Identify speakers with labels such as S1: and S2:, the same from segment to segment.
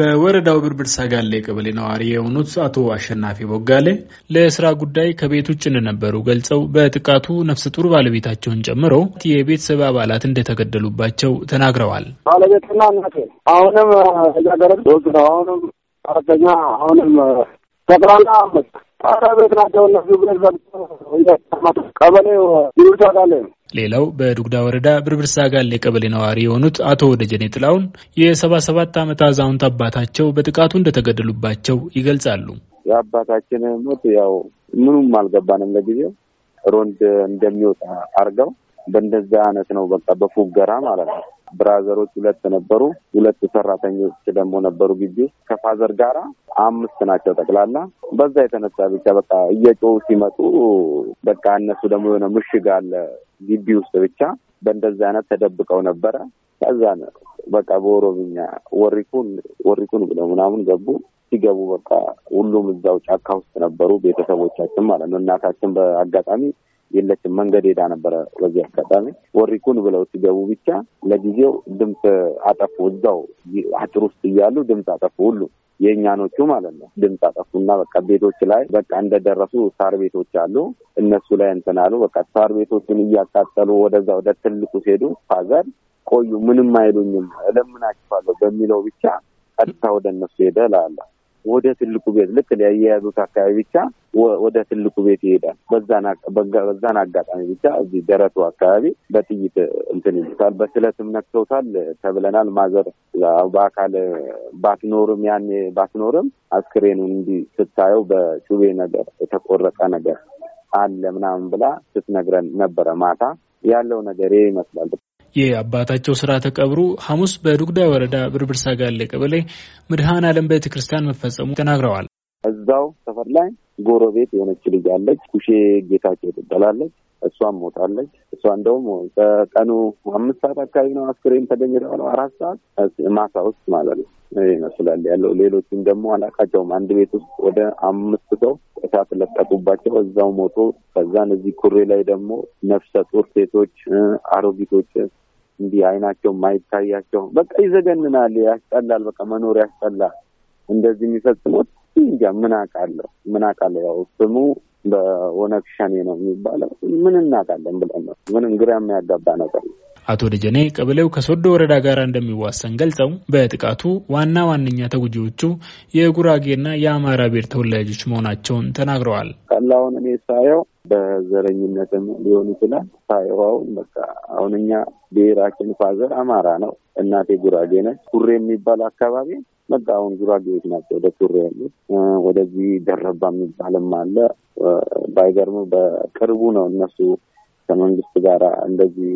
S1: በወረዳው ብርብር ሰጋሌ ቀበሌ ነዋሪ የሆኑት አቶ አሸናፊ ቦጋሌ ለስራ ጉዳይ ከቤት ውጭ እንደነበሩ ገልጸው በጥቃቱ ነፍሰ ጡር ባለቤታቸውን ጨምሮ የቤተሰብ አባላት እንደተገደሉባቸው ተናግረዋል።
S2: ባለቤትና እናቴ አሁንም ልጃገረድ ሶስት ነው። አሁንም አራተኛ አሁንም ጠቅላላ አምስት ባለቤት ናቸው። እነሱ ቤተሰብ ቀበሌው ይሉታል
S1: ሌላው በዱግዳ ወረዳ ብርብርሳ ጋሌ ቀበሌ ነዋሪ የሆኑት አቶ ወደጀኔ ጥላውን የ77 ዓመት አዛውንት አባታቸው በጥቃቱ እንደተገደሉባቸው ይገልጻሉ።
S3: የአባታችን ሞት ያው ምኑም አልገባንም። ለጊዜው ሮንድ እንደሚወጣ አርገው በእንደዛ አይነት ነው በቃ በፉገራ ማለት ነው ብራዘሮች ሁለት ነበሩ። ሁለት ሰራተኞች ደግሞ ነበሩ ግቢ ውስጥ ከፋዘር ጋራ አምስት ናቸው ጠቅላላ። በዛ የተነሳ ብቻ በቃ እየጮሁ ሲመጡ በቃ እነሱ ደግሞ የሆነ ምሽግ አለ ግቢ ውስጥ ብቻ በእንደዚህ አይነት ተደብቀው ነበረ። ከዛ በቃ በኦሮምኛ ወሪኩን ወሪኩን ብለው ምናምን ገቡ። ሲገቡ በቃ ሁሉም እዛው ጫካ ውስጥ ነበሩ ቤተሰቦቻችን ማለት ነው። እናታችን በአጋጣሚ የለችም። መንገድ ሄዳ ነበረ። በዚህ አጋጣሚ ወሪኩን ብለው ሲገቡ ብቻ ለጊዜው ድምፅ አጠፉ። እዛው አጥር ውስጥ እያሉ ድምፅ አጠፉ ሁሉ የእኛኖቹ ማለት ነው። ድምፅ አጠፉና በቃ ቤቶች ላይ በቃ እንደደረሱ ሳር ቤቶች አሉ እነሱ ላይ እንትን አሉ። በቃ ሳር ቤቶችን እያቃጠሉ ወደዛ ወደ ትልቁ ሲሄዱ ፋዘር ቆዩ ምንም አይሉኝም እለምናችኋለሁ በሚለው ብቻ ቀጥታ ወደ እነሱ ሄደ ላለ ወደ ትልቁ ቤት ልክ የያዙት አካባቢ ብቻ ወደ ትልቁ ቤት ይሄዳል። በዛን አጋጣሚ ብቻ እዚህ ደረቱ አካባቢ በጥይት እንትን ይሉታል፣ በስለትም ነክተውታል ተብለናል። ማዘር በአካል ባትኖርም ያን ባትኖርም አስክሬኑ እንዲህ ስታየው በሹቤ ነገር የተቆረጠ ነገር አለ ምናምን ብላ ስትነግረን ነበረ ማታ ያለው ነገር ይሄ ይመስላል።
S1: የአባታቸው ስራ ቀብሩ ሐሙስ በዱግዳ ወረዳ ብርብርሳ ጋለ ቀበሌ ምድሃን አለም ቤተ ክርስቲያን መፈጸሙ ተናግረዋል።
S3: እዛው ሰፈር ላይ ጎረቤት የሆነች ልጅ አለች፣ ኩሼ ጌታቸው ትባላለች። እሷም ሞታለች። እሷ እንደውም ከቀኑ አምስት ሰዓት አካባቢ ነው አስክሬን ተገኘ የተባለው፣ አራት ሰዓት ማሳ ውስጥ ማለት ነው ይመስላል ያለው። ሌሎችም ደግሞ አላቃቸውም። አንድ ቤት ውስጥ ወደ አምስት ሰው እሳት ለጠቁባቸው እዛው ሞቶ ከዛን እዚህ ኩሬ ላይ ደግሞ ነፍሰ ጡር ሴቶች፣ አሮጊቶች እንዲህ አይናቸው ማይታያቸው በቃ ይዘገንናል፣ ያስጠላል። በቃ መኖር ያስጠላል። እንደዚህ የሚፈጽሙት እንጃ ምን አውቃለሁ ምን አውቃለሁ። ያው ስሙ በኦነግ ሸኔ ነው የሚባለው ምን እናውቃለን ብለን ነው ምንም ግራ የሚያጋባ ነገር ነው።
S1: አቶ ደጀኔ ቀበሌው ከሶዶ ወረዳ ጋር እንደሚዋሰን ገልጸው በጥቃቱ ዋና ዋነኛ ተጎጂዎቹ የጉራጌና የአማራ ብሔር ተወላጆች መሆናቸውን ተናግረዋል።
S4: ቀላውን
S3: እኔ ሳየው በዘረኝነትም ሊሆን ይችላል ሳይሆን በቃ አሁን እኛ ብሔራችን ፋዘር አማራ ነው፣ እናቴ ጉራጌ ነች። ኩሬ የሚባል አካባቢ በቃ አሁን ጉራጌዎች ናቸው ወደ ኩሬ ያሉት። ወደዚህ ደረባ የሚባልም አለ። ባይገርም በቅርቡ ነው እነሱ ከመንግስት ጋር እንደዚህ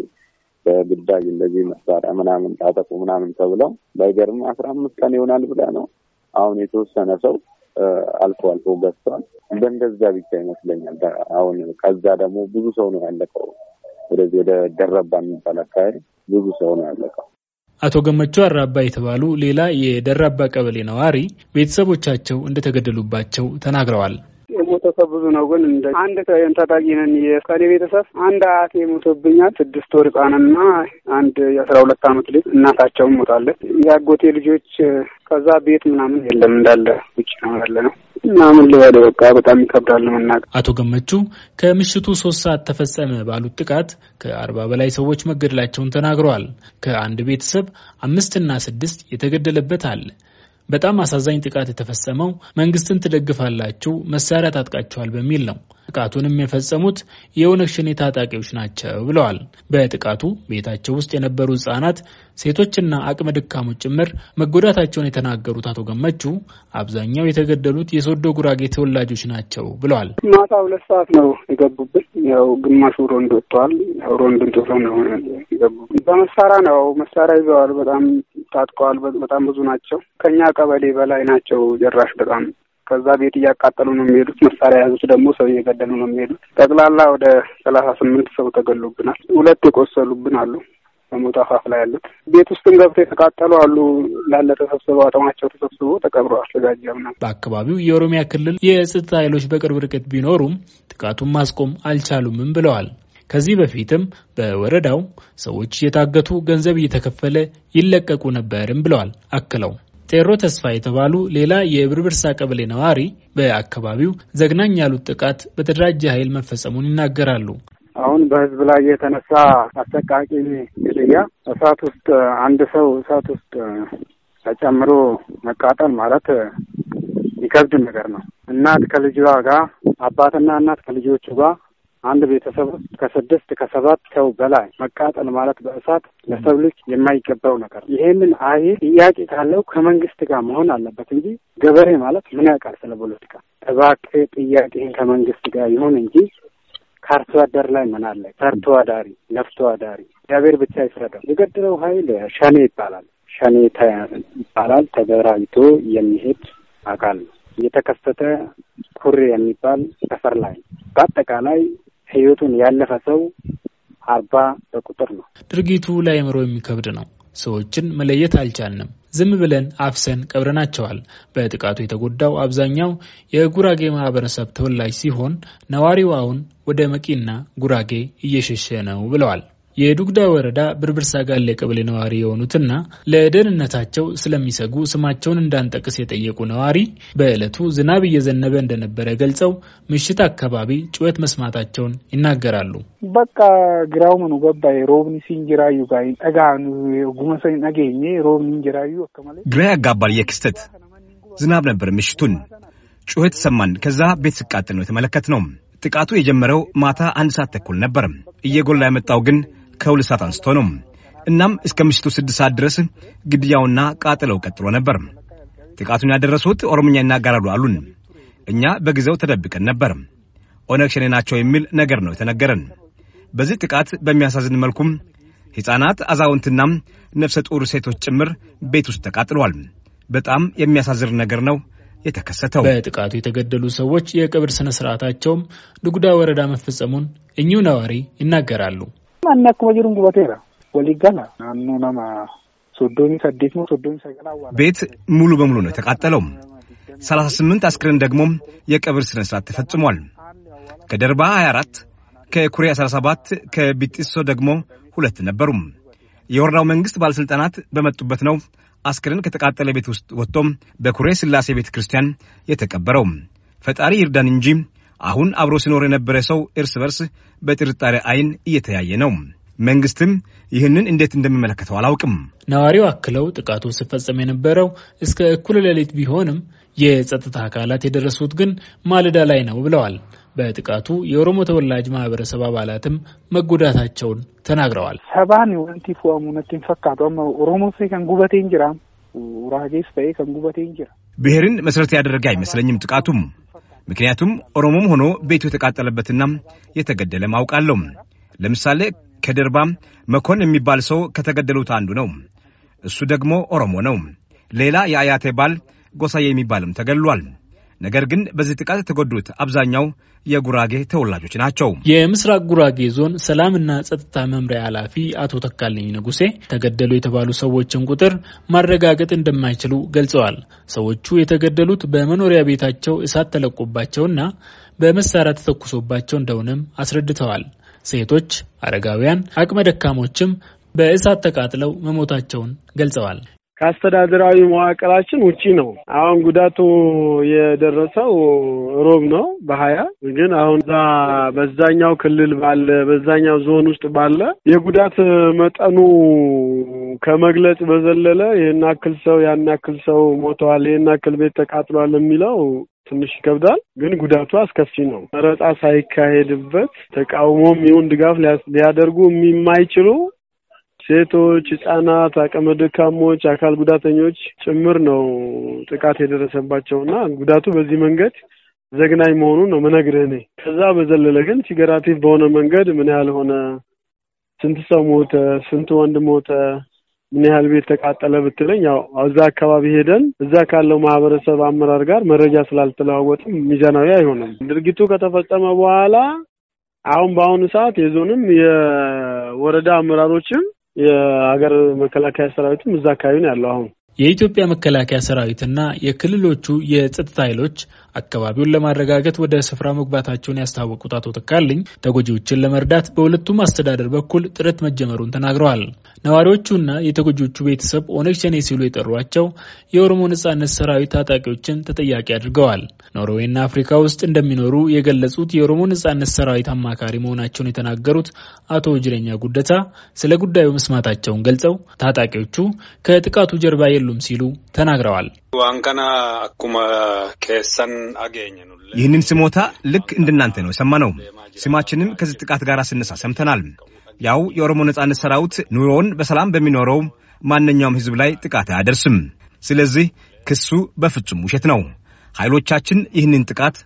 S3: በግዳጅ እንደዚህ መሳሪያ ምናምን ታጠቁ ምናምን ተብለው ባይገርም አስራ አምስት ቀን ይሆናል ብለ ነው አሁን የተወሰነ ሰው አልፎ አልፎ ገዝቷል። በእንደዛ ብቻ ይመስለኛል። አሁን ከዛ ደግሞ ብዙ ሰው ነው ያለቀው። ወደዚህ ወደ ደረባ የሚባል
S2: አካባቢ ብዙ ሰው ነው ያለቀው።
S1: አቶ ገመቹ አራባ የተባሉ ሌላ የደራባ ቀበሌ ነዋሪ ቤተሰቦቻቸው እንደተገደሉባቸው ተናግረዋል።
S2: ቤተሰብ ብዙ ነው፣ ግን እንደ አንድ ታጣቂ ነን። የእስካሌ ቤተሰብ አንድ አያቴ ሞቶብኛል። ስድስት ወር ህጻንና አንድ የአስራ ሁለት አመት ልጅ እናታቸውም ሞታለች። የአጎቴ ልጆች ከዛ ቤት ምናምን የለም እንዳለ ውጭ ነው ያለ ነው ምናምን ልበል በቃ በጣም ይከብዳል ለመናገር።
S1: አቶ ገመቹ ከምሽቱ ሶስት ሰዓት ተፈጸመ ባሉት ጥቃት ከአርባ በላይ ሰዎች መገደላቸውን ተናግረዋል። ከአንድ ቤተሰብ አምስትና ስድስት የተገደለበት አለ። በጣም አሳዛኝ ጥቃት የተፈጸመው መንግስትን ትደግፋላችሁ፣ መሳሪያ ታጥቃችኋል በሚል ነው። ጥቃቱንም የፈጸሙት የኦነግ ሸኔ ታጣቂዎች ናቸው ብለዋል። በጥቃቱ ቤታቸው ውስጥ የነበሩ ህጻናት፣ ሴቶችና አቅመ ድካሞች ጭምር መጎዳታቸውን የተናገሩት አቶ ገመቹ አብዛኛው የተገደሉት የሶዶ ጉራጌ ተወላጆች ናቸው ብለዋል።
S2: ማታ ሁለት ሰዓት ነው የገቡብን። ያው ግማሹ ሮንድ ወጥተዋል። ሮንድን ጥሎ ነው በመሳሪያ ነው መሳሪያ ይዘዋል። በጣም ታጥቀዋል። በጣም ብዙ ናቸው። ከኛ ቀበሌ በላይ ናቸው ጭራሽ በጣም ከዛ ቤት እያቃጠሉ ነው የሚሄዱት። መሳሪያ የያዙት ደግሞ ሰው እየገደሉ ነው የሚሄዱት። ጠቅላላ ወደ ሰላሳ ስምንት ሰው ተገሉብናል። ሁለት የቆሰሉብን አሉ። በሞት አፋፍ ላይ ያሉት ቤት ውስጥም ገብተው የተቃጠሉ አሉ። ላለ ተሰብስበው አጠማቸው ተሰብስቦ ተቀብሮ አስተጋጀም
S1: ነው። በአካባቢው የኦሮሚያ ክልል የጸጥታ ኃይሎች በቅርብ ርቀት ቢኖሩም ጥቃቱን ማስቆም አልቻሉምም ብለዋል ከዚህ በፊትም በወረዳው ሰዎች እየታገቱ ገንዘብ እየተከፈለ ይለቀቁ ነበርም ብለዋል። አክለው ጤሮ ተስፋ የተባሉ ሌላ የብርብርሳ ቀበሌ ነዋሪ በአካባቢው ዘግናኝ ያሉት ጥቃት በተደራጀ ኃይል መፈጸሙን ይናገራሉ።
S2: አሁን በህዝብ ላይ የተነሳ አሰቃቂ ግድያ እሳት ውስጥ አንድ ሰው እሳት ውስጥ ተጨምሮ መቃጠል ማለት ይከብድ ነገር ነው። እናት ከልጇ ጋር፣ አባትና እናት ከልጆቹ ጋር አንድ ቤተሰብ ውስጥ ከስድስት ከሰባት ሰው በላይ መቃጠል ማለት በእሳት ለሰው ልጅ የማይገባው ነገር። ይሄንን አይል ጥያቄ ካለው ከመንግስት ጋር መሆን አለበት እንጂ ገበሬ ማለት ምን ያውቃል ስለ ፖለቲካ? እባክህ ጥያቄህን ከመንግስት ጋር ይሁን እንጂ ከአርሶ አደር ላይ ምን አለ? ሰርቶ አዳሪ ለፍቶ አዳሪ እግዚአብሔር ብቻ ይፍረደው። የገደለው ሀይል ሸኔ ይባላል። ሸኔ ይባላል። ተደራጅቶ የሚሄድ አካል ነው። የተከሰተ ኩሬ የሚባል ሰፈር ላይ በአጠቃላይ ህይወቱን ያለፈ ሰው አርባ በቁጥር ነው።
S1: ድርጊቱ ለአእምሮ የሚከብድ ነው። ሰዎችን መለየት አልቻልንም። ዝም ብለን አፍሰን ቀብረናቸዋል። በጥቃቱ የተጎዳው አብዛኛው የጉራጌ ማህበረሰብ ተወላጅ ሲሆን ነዋሪው አሁን ወደ መቂና ጉራጌ እየሸሸ ነው ብለዋል። የዱግዳ ወረዳ ብርብርሳ ጋሌ ቀበሌ ነዋሪ የሆኑትና ለደህንነታቸው ስለሚሰጉ ስማቸውን እንዳንጠቅስ የጠየቁ ነዋሪ በዕለቱ ዝናብ እየዘነበ እንደነበረ ገልጸው ምሽት አካባቢ ጩኸት መስማታቸውን ይናገራሉ።
S2: በቃ ግራው ምኑ ገባይ ሮብኒ ሲንጅራዩ ጋይ ጠጋ ጉመሰኝ ነገኘ ሮብኒ እንጅራዩ
S5: ግራ ያጋባል። የክስተት ዝናብ ነበር። ምሽቱን ጩኸት ሰማን። ከዛ ቤት ሲቃጠል ነው የተመለከት ነው። ጥቃቱ የጀመረው ማታ አንድ ሰዓት ተኩል ነበር። እየጎላ የመጣው ግን ከሁለት ሰዓት አንስቶ ነው። እናም እስከ ምሽቱ ስድስት ሰዓት ድረስ ግድያውና ቃጥለው ቀጥሎ ነበር። ጥቃቱን ያደረሱት ኦሮምኛ ይናገራሉ አሉን። እኛ በጊዜው ተደብቀን ነበር። ኦነግ ሸኔ ናቸው የሚል ነገር ነው የተነገረን። በዚህ ጥቃት በሚያሳዝን መልኩም ሕፃናት፣ አዛውንትና ነፍሰ ጡር ሴቶች ጭምር ቤት ውስጥ ተቃጥለዋል። በጣም
S1: የሚያሳዝን ነገር ነው የተከሰተው። በጥቃቱ የተገደሉ ሰዎች የቅብር ስነ ስርዓታቸውም ድጉዳ ወረዳ መፈጸሙን እኚሁ ነዋሪ ይናገራሉ።
S2: Manni akkuma jiru gubateera. Walii gala naannoo nama soddomi saddeት ነው soddomi ሰገላ
S1: ቤት ሙሉ በሙሉ ነው
S5: የተቃጠለው። ሰላሳ ስምንት አስክሬን ደግሞ የቀብር ስነ ስርዓት ተፈጽሟል። ከደርባ 24 ከኩሬ 17 ከቢጢሶ ደግሞ ሁለት ነበሩ። የወረዳው መንግስት ባለሥልጣናት በመጡበት ነው አስክሬን ከተቃጠለ ቤት ውስጥ ወጥቶም በኩሬ ስላሴ ቤተ ክርስቲያን የተቀበረው። ፈጣሪ ይርዳን እንጂ አሁን አብሮ ሲኖር የነበረ ሰው እርስ በርስ በጥርጣሬ አይን እየተያየ ነው። መንግስትም ይህንን
S1: እንዴት እንደሚመለከተው አላውቅም። ነዋሪው አክለው ጥቃቱ ሲፈጸም የነበረው እስከ እኩል ሌሊት ቢሆንም የጸጥታ አካላት የደረሱት ግን ማለዳ ላይ ነው ብለዋል። በጥቃቱ የኦሮሞ ተወላጅ ማህበረሰብ አባላትም መጎዳታቸውን ተናግረዋል።
S2: ሰባን ወንቲ ፉአሙነትን ኦሮሞ ከን ጉበቴን ራጌስ ጉበቴን ጅራ
S5: ብሔርን መሰረት ያደረገ አይመስለኝም ጥቃቱም ምክንያቱም ኦሮሞም ሆኖ ቤቱ የተቃጠለበትና የተገደለ ማውቃለሁ። ለምሳሌ ከደርባ መኮን የሚባል ሰው ከተገደሉት አንዱ ነው። እሱ ደግሞ ኦሮሞ ነው። ሌላ የአያቴ ባል ጎሳዬ የሚባልም ተገድሏል። ነገር ግን በዚህ ጥቃት የተጎዱት አብዛኛው የጉራጌ
S1: ተወላጆች ናቸው። የምስራቅ ጉራጌ ዞን ሰላምና ጸጥታ መምሪያ ኃላፊ አቶ ተካልኝ ንጉሴ ተገደሉ የተባሉ ሰዎችን ቁጥር ማረጋገጥ እንደማይችሉ ገልጸዋል። ሰዎቹ የተገደሉት በመኖሪያ ቤታቸው እሳት ተለቆባቸውና በመሳሪያ ተተኩሶባቸው እንደሆነም አስረድተዋል። ሴቶች፣ አረጋውያን፣ አቅመ ደካሞችም በእሳት ተቃጥለው መሞታቸውን ገልጸዋል።
S4: ከአስተዳደራዊ መዋቅራችን ውጪ ነው። አሁን ጉዳቱ የደረሰው ሮብ ነው በሀያ ግን አሁን ዛ በዛኛው ክልል ባለ በዛኛው ዞን ውስጥ ባለ የጉዳት መጠኑ ከመግለጽ በዘለለ ይህን አክል ሰው ያን አክል ሰው ሞተዋል፣ ይህን አክል ቤት ተቃጥሏል የሚለው ትንሽ ይከብዳል። ግን ጉዳቱ አስከፊ ነው። መረጣ ሳይካሄድበት ተቃውሞም ይሁን ድጋፍ ሊያደርጉ የማይችሉ ሴቶች፣ ህጻናት፣ አቅመ ደካሞች፣ አካል ጉዳተኞች ጭምር ነው ጥቃት የደረሰባቸው እና ጉዳቱ በዚህ መንገድ ዘግናኝ መሆኑን ነው ምነግርህ እኔ። ከዛ በዘለለ ግን ሲገራቲቭ በሆነ መንገድ ምን ያህል ሆነ፣ ስንት ሰው ሞተ፣ ስንት ወንድ ሞተ፣ ምን ያህል ቤት ተቃጠለ ብትለኝ ያው እዛ አካባቢ ሄደን እዛ ካለው ማህበረሰብ አመራር ጋር መረጃ ስላልተለዋወጥም ሚዛናዊ አይሆንም። ድርጊቱ ከተፈጸመ በኋላ አሁን በአሁኑ ሰዓት የዞንም የወረዳ አመራሮችም የሀገር መከላከያ ሰራዊትም እዛ አካባቢ ነው ያለው አሁን
S1: የኢትዮጵያ መከላከያ ሰራዊትና የክልሎቹ የጸጥታ ኃይሎች አካባቢውን ለማረጋገጥ ወደ ስፍራ መግባታቸውን ያስታወቁት አቶ ተካልኝ ተጎጂዎችን ለመርዳት በሁለቱም አስተዳደር በኩል ጥረት መጀመሩን ተናግረዋል። ነዋሪዎቹና የተጎጂዎቹ ቤተሰብ ኦነግ ሸኔ ሲሉ የጠሯቸው የኦሮሞ ነጻነት ሰራዊት ታጣቂዎችን ተጠያቂ አድርገዋል። ኖርዌይና አፍሪካ ውስጥ እንደሚኖሩ የገለጹት የኦሮሞ ነጻነት ሰራዊት አማካሪ መሆናቸውን የተናገሩት አቶ ጅረኛ ጉደታ ስለ ጉዳዩ መስማታቸውን ገልጸው ታጣቂዎቹ ከጥቃቱ ጀርባ የሉም ሲሉ ተናግረዋል።
S2: ዋንከና አኩማ ኬሰን
S1: ይህንን ስሞታ ልክ እንደናንተ ነው
S5: የሰማነው። ስማችንም ከዚህ ጥቃት ጋር ስነሳ ሰምተናል። ያው የኦሮሞ ነጻነት ሰራዊት ኑሮውን በሰላም በሚኖረው ማንኛውም ህዝብ ላይ ጥቃት አያደርስም። ስለዚህ ክሱ
S1: በፍጹም ውሸት ነው። ኃይሎቻችን ይህንን ጥቃት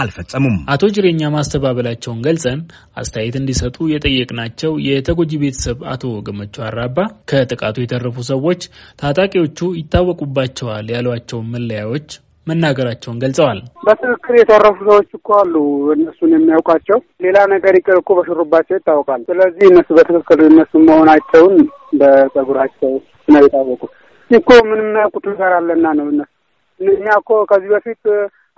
S1: አልፈጸሙም። አቶ ጅሬኛ ማስተባበላቸውን ገልጸን አስተያየት እንዲሰጡ የጠየቅናቸው የተጎጂ ቤተሰብ አቶ ገመቸው አራባ ከጥቃቱ የተረፉ ሰዎች ታጣቂዎቹ ይታወቁባቸዋል ያሏቸውን መለያዎች መናገራቸውን ገልጸዋል።
S2: በትክክል የተረፉ ሰዎች እኮ አሉ። እነሱን የሚያውቋቸው ሌላ ነገር ይቅር እኮ በሽሩባቸው ይታወቃል። ስለዚህ እነሱ በትክክል እነሱ መሆናቸውን በጸጉራቸው ነው የታወቁ እኮ ምን የሚያውቁት ነገር አለና ነው እነሱ እኛ እኮ ከዚህ በፊት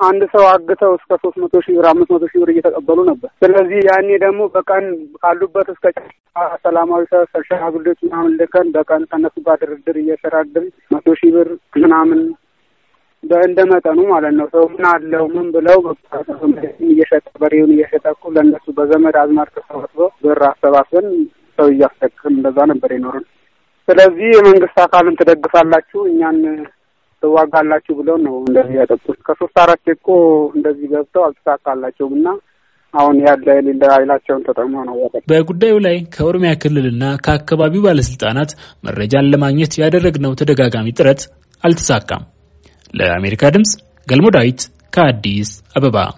S2: አንድ ሰው አግተው እስከ ሶስት መቶ ሺህ ብር አምስት መቶ ሺህ ብር እየተቀበሉ ነበር። ስለዚህ ያኔ ደግሞ በቀን ካሉበት እስከ ሰላማዊ ሰልፍ አግዶች ምናምን ልከን በቀን ከነሱ ጋር ድርድር እየሸራድር መቶ ሺህ ብር ምናምን እንደ መጠኑ ማለት ነው። ሰው ምን አለው ምን ብለው እየሸጠ በሬውን እየሸጠ እኮ ለእነሱ በዘመድ አዝማር ተሰባስበ ብር አሰባስበን ሰው እያስጠቅም እንደዛ ነበር ይኖርን። ስለዚህ የመንግስት አካልን ትደግፋላችሁ እኛን ትዋጋላችሁ ብለው ነው እንደዚህ ያጠቁት። ከሶስት አራት እኮ እንደዚህ ገብተው አልተሳካላቸውም እና አሁን ያለ የሌለ ኃይላቸውን ተጠቅመ ነው።
S1: በጉዳዩ ላይ ከኦሮሚያ ክልልና ከአካባቢው ባለስልጣናት መረጃን ለማግኘት ያደረግነው ተደጋጋሚ ጥረት አልተሳካም። ለአሜሪካ ድምፅ ገልሞ ዳዊት ከአዲስ አበባ